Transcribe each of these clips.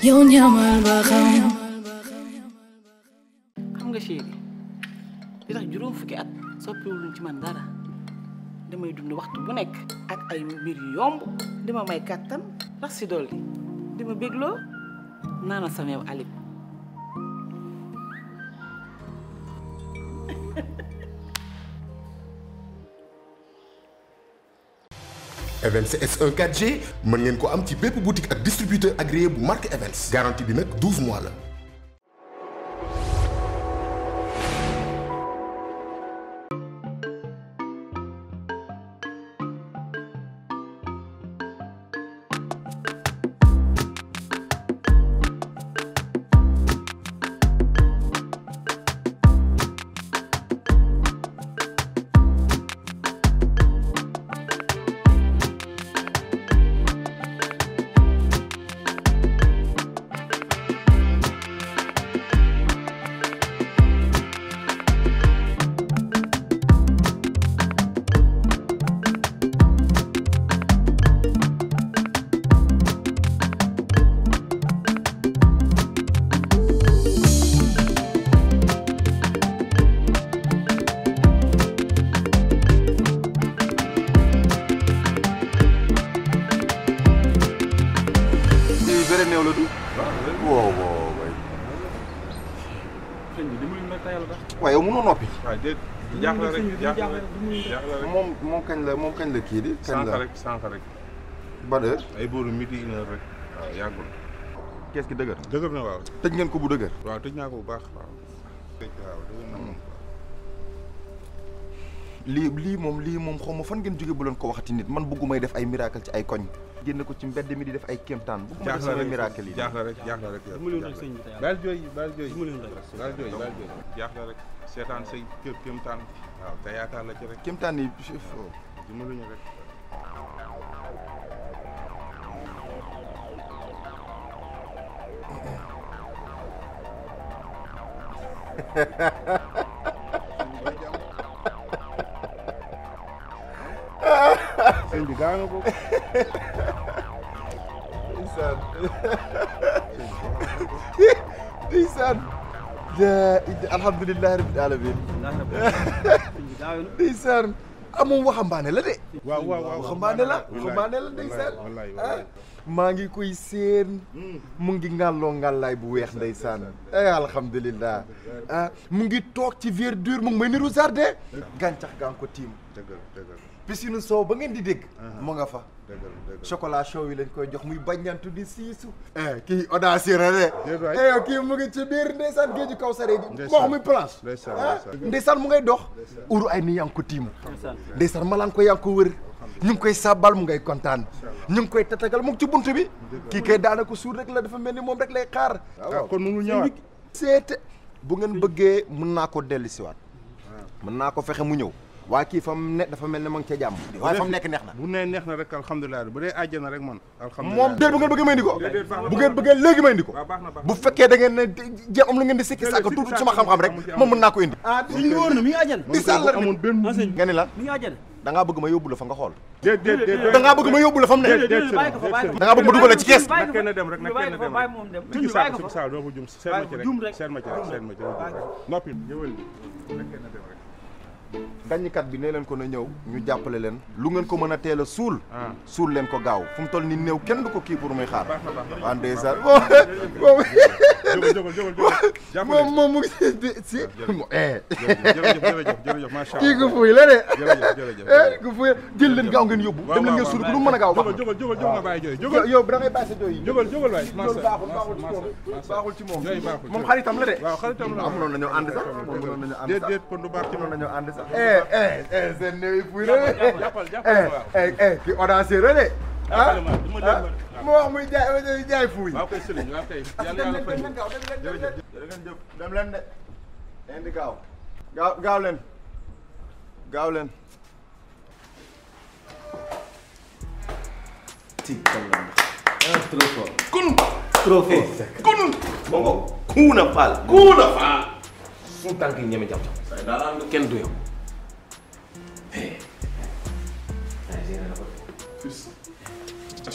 yow ñamal ba xam. nga chéri li tax juróom fukki at soppiwul ci man dara damay dund waxtu bu nekk ak ay mbir yu yomb dima may kàttan rax si dolli dima bégloo naana sameew alib Events S1 4G mën ngeen un petit ci boutique ak distributeur agréé pour marque Evans. garantie de mettre 12 mois là sëñ bi dimbali ma tayal tax. waaw yow mënoo noppi. moom moom kañ la moom kañ la kii de kañ la sànq rek sànq rek. ban heure. ay booru midi une rek waaw yàggul. kees gi dëgër. dëgër na waaw. tëj ngeen ko bu dëgër. waaw tëj bu baax waaw. waaw dëgër moom. lii lii moom lii moom xaw ma fan ngeen jóge bu leen ko waxati nit man bëggumay def ay miracle ci ay koñ. génn ko ci mbedd mi di def ay kemtan. bu ko mën a sama miracle yi jaaxla rek jaaxla rek bal jooy bal jooy bal jooy bal jooy jaaxla rek seetaan say kër kéemtaan waaw te yaakaar la ci rek kéemtaan yi dimbaluñu rek sëñ bi gaañu ko ndeysaan ndeysaan alhamdulilah rabbil alamin ndeysaan ah moom waxambaane la de. waaw waaw waaw waxambaane la waxambaane la ndeysaan ah maa ngi koy seen hmm. mu ngi ngàlloo ngàllaay bu weex ndeysaan eh alhamdulilah ah mu ngi toog ci verdure mu ngi may niru jardin gàncax gaa ngi ko tiim. dëgg dëgg piscine soow ba ngeen di dégg. mu nga fa. chocolat chaud yi lañ koy jox muy bañ baññantu di siisu. Eh, kii audacieux de. eh kii mu ngi ci biir ndeysaan géeju kaw saree gi. ndeysaan muy planche. Ah, ndeysaan mu ngay dox. uru ay ni yaa ngi ko tiim. ndeysaan malaan ko yaa ngi ko wër. ñu ngi koy sàbbal mu ngay kontaan. ñu ngi koy tatagal mu ngi ci bunt bi. kii kay ko suur rek la dafa mel ni moom rek lay xaar. waaw ah, kon mënul ñëwaat. seete bu ngeen bëggee mën naa ko dellusiwaat. Ah. mën naa ko fexe mu ñëw waa kii fa mu ne dafa mel ne ma ngi ca jàmm waaye fa bu ne neex rek alhamdulilah bu dee àjjana rek man alhamdulilah moom déet bu ngeen bëggee may ndi ko bu ngeen bëggee léegi may ndi ko bu fekkee da ngeen ne jéem am lu ngeen di sikki sàkk tuuti sama xam-xam rek moom mën naa ko indi ah ñu wóor na mi ngi àjjana di sàllar amoon benn nga ni la mi ngi àjjana da ngaa bëgg ma yóbbu la fa nga xool da ngaa bëgg ma yóbbu la fa mu ne da ngaa bëgg ma dugal la ci kees na kenn dem rek na kenn dem rek ci saa saa doo ko jum seet ma ci rek seet ma ci rek ma ci rek noppi ñëwal na dem gañkat bi ne leen ko na ñëw ñu jàppale leen lu ngeen ko mën a teel a suul ah. suul leen ko gaaw fu mu ni new kenn du ko kii pour muy xaar waan ndeysaan jógal jógal jógal moom moom mu ngi si kii gu fuy la de gu eh, fuy jël leen gaaw ngeen yóbbu dem leen ngeen suul lu mën a gaaw baax yow da ngay bàyyi sa jooy yi jógal jógal waay loolu baaxul baaxul ci moom baaxul ci moom moom xaritam la de waaw xaritam moom mënoon nañoo ànd sax déet déet kon du baax ci noonu nañoo ànd sax eh eh eh seen néew yi fuy la de de ah mu ah? wax muy jaay jaay fuuy. waaw kay sëriñ waaw kay yàlla yàlla fay dem leen de leen di gaaw gaaw gaaw leen gaaw leen ah, trop fort kun trop fort eh, eh, kun bongo kuuna faal kuuna faal suñu tànk yi ñeme jam jam daa am kenn du yow eh.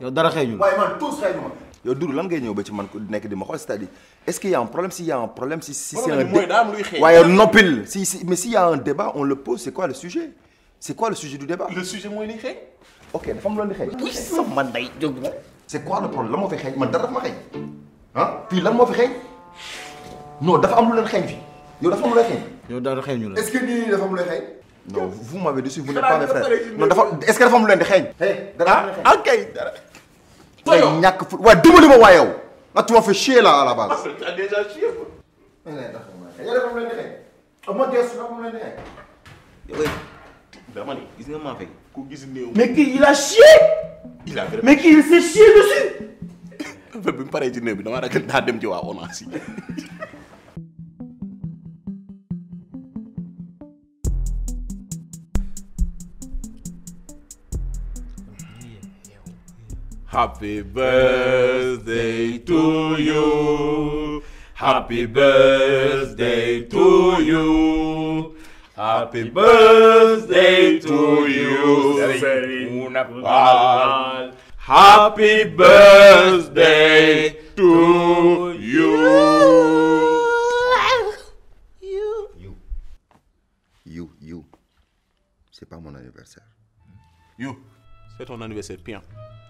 Yo dara xeeñu Way man tous xeeñu ma Yo Doudou lan ngay ñëw ba ci man nekk di ma xol c'est-à-dire est-ce qu'il y a un problème si il y a un problème si si c'est un débat. waaye nopil si si mais s'il y a un débat on le pose c'est quoi le sujet c'est quoi le sujet du débat le sujet mooy li xeeñ ok dafa am loolu di xeeñ sax man day jóg ma c'est quoi le problème lan moo fi xeeñ man dara dafa ma xeeñ ah fii lan moo fi xeeñ non dafa am lu leen xeeñ fi. yow dafa am lu leen xeeñ yow dara xeeñu la est-ce que nii dafa am lu leen xeeñ non vous m'avez dessus, vous n'êtes pas mes frères est-ce qu'elle va me lu leen Hey, ah, ah, tu m'as fait chier là à la base. déjà chier ah, mais qui il a chié. il a mais qui il s'est chié dessus. Happy birthday to you. Happy birthday to you. Happy birthday to you. Happy birthday to you. You. You. You. you. C'est pas mon anniversaire. You. C'est ton anniversaire, Pierre.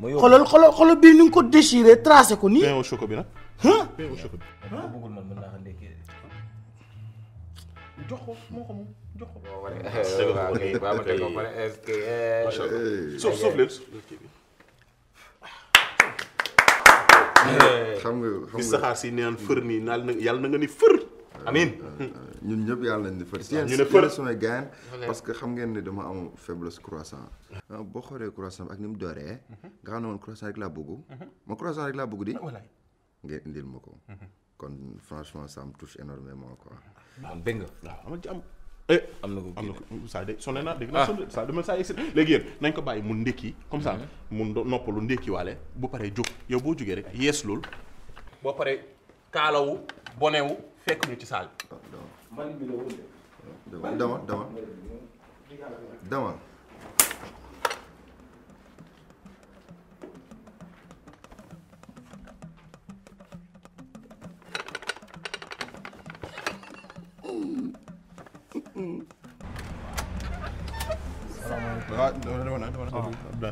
ma yóbbu xoolal xoolal xoolal bii ni nga ko déchiré tracé ko nii. pain au choco bi nag. pain au choco bi. ah bëggul man mën naa ko ndékkee jox ko moo ko moom jox ko. waaw kay waaw kay est-ce que. suuf suuf leen xam nga xam nga. di saxaar si naan fër nii naal na yàlla na nga ni fër. amiin. Ah, ah. ñun ñëpp yàlla nañ di fët. ñu ne fët samay gaañ parce que xam ngeen ne dama am faiblesse croissant. Mmh. boo xoolee croissant ak ni mu dooree. Mmh. nga xam ne man croissant rek laa bëgg. Mmh. ma croissant rek laa bëgg di. Ah, nga indil ma ko. kon franchement ça me touche énormément quoi. waaw bah, dégg nga waaw am. eh am na ko am na ko saa de sonné naa dégg naa ah. sonné saa dama saa yegsi léegi yéen nañ ko bàyyi mu ndékki comme ça mu noppalu ndékki waale bu paree jóg yow boo jógee rek yees loolu boo paree kaalawu bonewu fekk ñu ci salle. demal demal demal waaw dama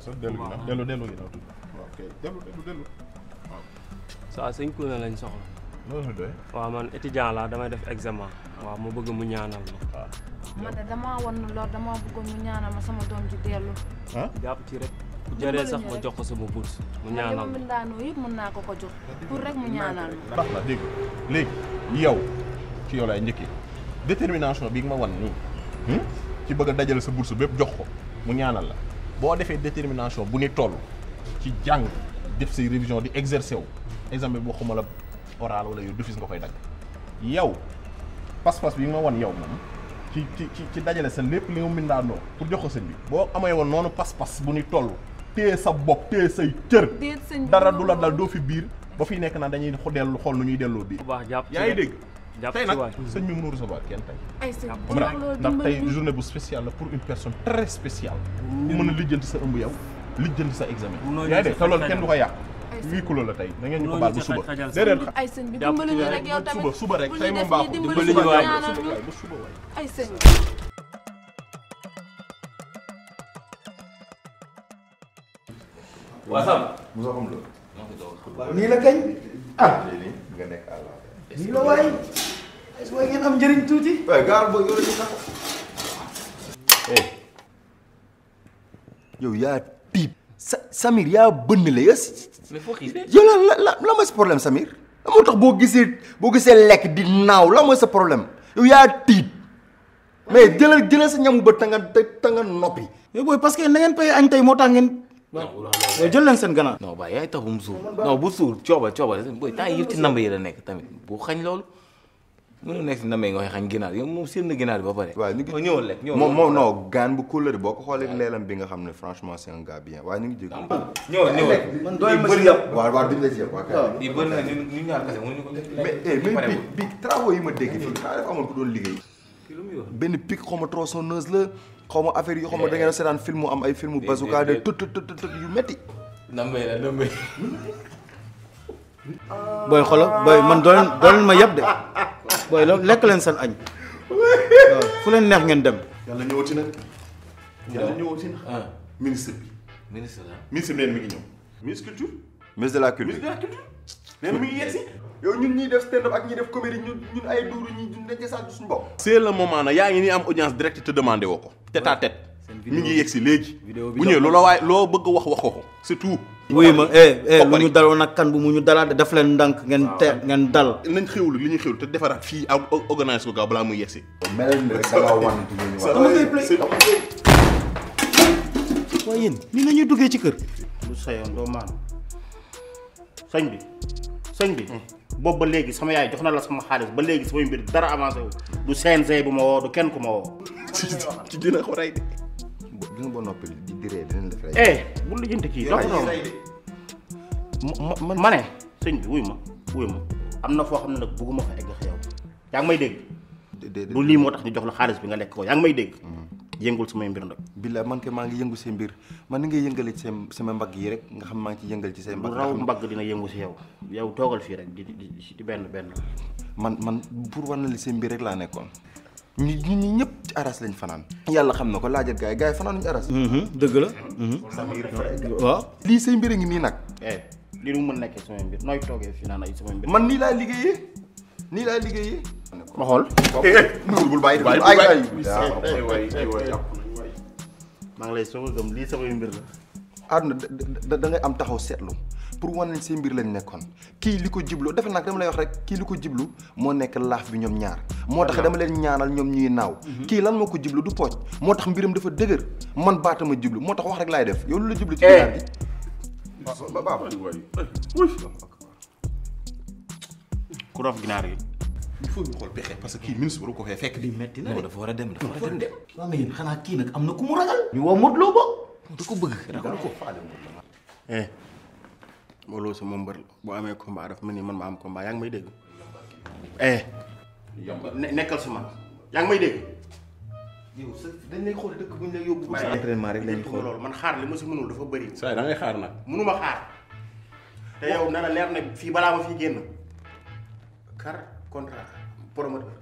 ah, ah, ne ah. lañ soxla. waaw man étudiant laa damay def examen. waaw mu bëgg mu ñaanal ma. waaw man de damaa wan lool damaa bëggoon mu ñaanal ma sama doom ji dellu. ah ci rek. bu jëree sax ma jox ko sama bourse mu ñaanal ma ndaanoo yëpp mën naa ko ko jox pour rek mu ñaanal ma. baax dégg léegi yow ci yow laay njëkkee détermination bi nga ma wan nii hmm? ci bëgg dajale sa bourse bépp jox ko mu ñaanal la boo defee détermination bu ni toll ci jàng def say révision di exercer wu examen boo xamala oral wala yow defis nga koy dagg yow. pas-pas bi nga ma wan yow moom ci ci ci dajale sa lépp li nga mindaandoo pour jox ko sëñ bi boo amee woon noonu pas-pas bu ni toll téye sa bopp téye say cër dara du la dal doo fi biir ba fi nekk naa dañuy dellu xool nu ñuy delloo biir yaa ngi dégg tey nag sëñ bi mënu recevoir kenn tey ndax tey pour une personne très spéciale mën a lijjanti sa ëmb yow lijjanti sa examen yaa ngi dégg te loolu kenn du ko yàq huit kilos la tey na ngeen ñu ko baal bu suba déedéet ay sëñ bi dimbali ñu rek yow tamit suba suba rek tey moom baaxul dimbali ñu waay bu suba waay ay sëñ waaw Sam mosoo xam loolu waaw nii la kañ ah nga nekk àll nii la waay waaye ngeen am njëriñ tuuti waaye gaar booy yow la ñu sax eh. yow yaa Samir ya bënn la yaa mais foo yow la la la mooy sa problème Samir. mo tax bo gisé bo gisé lek di naw la mooy sa problème yow ya tit mais jël jël sa ñam ba tanga tanga nopi mais ya, boy parce que na ngeen kan, pay añ tay mo tax ngeen. waaw ya, jël lan sen gana non ba yaay taxum suur non bu suur cioba cioba boy tay yëpp ci namb yi la nek tamit bu xagn loolu. mënoo nekk si ndamay nga koy xañ ginaar yow moom seen na ginaar bi ba pare. waaw ñu ngi ñëwal lekk ñëwal ko xoolee leelam bi nga xam ne franchement c'est un gars waaye ñu ngi jéggi. la si yàpp waaw kay. yi bëri eh, yi ma dégg fii daa dafa amoon ku doon liggéey. benn pic xaw ma tronçonneuse la xaw ma affaire yi xaw ma da ngeen a film am ay film bazooka de tut tut tut yu metti ndambay la ndambay hmm? boy xolo boy man doon doon ma yeb de boy loolu lekk leen seen añ waaw fu leen neex ngeen dem. yalla ñëwati na yàlla ñëwati na. Ah. ministre bi. ministre la ministre bi mi ngi ñëw. ministre culture. ministre de la culture ministre de la culture. neen mi ngi yegsi. yow ñun ñi def stand up ak ñi def comedy ñun ñun ay duru ñi ñun ci saa suñu bopp. c'est le moment na yaa ngi nii am audience directe te demandé woko ko. tête à tête mi ngi yegsi léegi. vidéo bi lo ñëwee loola waaye bëgg wax waxoko c'est tout. oui ma eh eh lu ñu ak kan bu mu ñu dalaat ah, daf leen ndànk ngeen teel ngeen dal nañ xewlu li ñu xewlu te defaraat fii organise ko gaaw balaa muy yegsi melal ni rek sama wan du ñu wax dama koy ni ci kër bi bi hmm. ba sama yaay jox la sama xaalis ba léegi samay mbir dara avancé wu du CNG bu ma woo du kenn ku ma woo ci dina ko de noppi di eh bu lijjanti kii toppatoo ma ma ne sëñ bi wuy ma wuy ma am na foo xam ne nag bëgguma fa egg ak yow yaa ngi may dégg. bu lii moo tax ñu jox la xaalis bi nga lekk ko yaa ngi may dégg. Mm. yëngul samay mbir nag. billaay man kay maa ngi yëngu seen mbir man ni ngay yëngalee ci sama mbagg yi rek nga xam maa ngi ci yëngal ci seen mbagg. bu raw mbagg dina yëngu si yow. yow toogal fii rek di di di benn benn. man man pour wan na li seen mbir rek laa nekkoon. ñu ñu ñëpp ci aras lañ fanaan. yàlla xam na ko laajat gars yi gars fanaanuñu aras. Mhm, dëgg la. Mhm. waaw. lii say mbir a ngi nii nag. Eh, lii mu mën nekkee samay mbir nooy toogee fii naan ay samay mbir. man nii laay liggéeyee nii laay liggéeyee. ma xool. Eh. nuur bul maa ngi lay soog a gëm lii samay mbir la. àdduna da da ngay am taxaw seetlu pour wan nañ seen mbir lañ nekkoon kii li ko jiblu defe nag dama lay wax rek kii li ko jiblu moo nekk laaf bi ñoom ñaar moo tax dama leen ñaanal ñoom ñuy naaw mhm. kii lan moo ko jiblu du pooj moo tax mbiram dafa dëgër man baatama jiblu moo tax wax rek laay def yow lu la jiblu ci eh. biir gi ku raf ginaar gi il faut ñu xool pexe parce que kii ko fee fekk. lii metti na de dafa war a dem dafa war a dem. waaw nag am na ku mu ragal. ñu woo da ko bëgg eh Modou eh, iya, iya, iya, Lo eh, sama mbër boo amee combat daf mel ni eh nekel si yang yaa ngi may dégg yow sa dañ lay xool dëkk bu ñu la yóbbu ma entraînement rek lañ xool loolu man xaar li ma si mënul dafa bëri car promoteur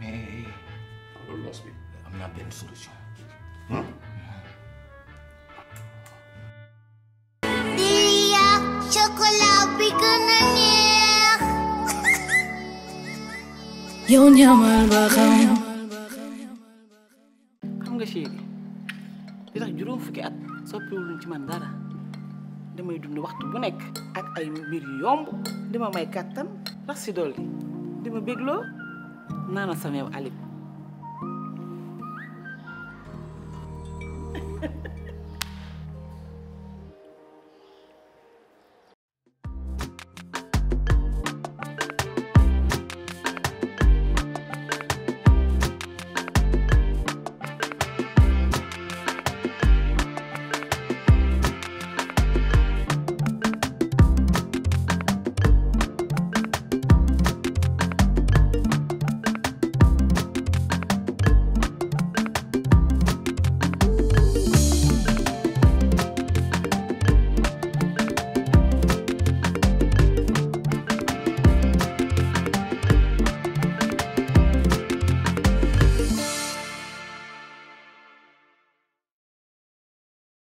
Mais am naa benn solution. Hmm? Dia chocolat bi gën a neex. yow ñamal ba nga chéri li tax juróom fukki at soppiwul ci man dara damay dund waxtu bu nekk ak ay mbir yu yomb dima may rax si dima na nossa ali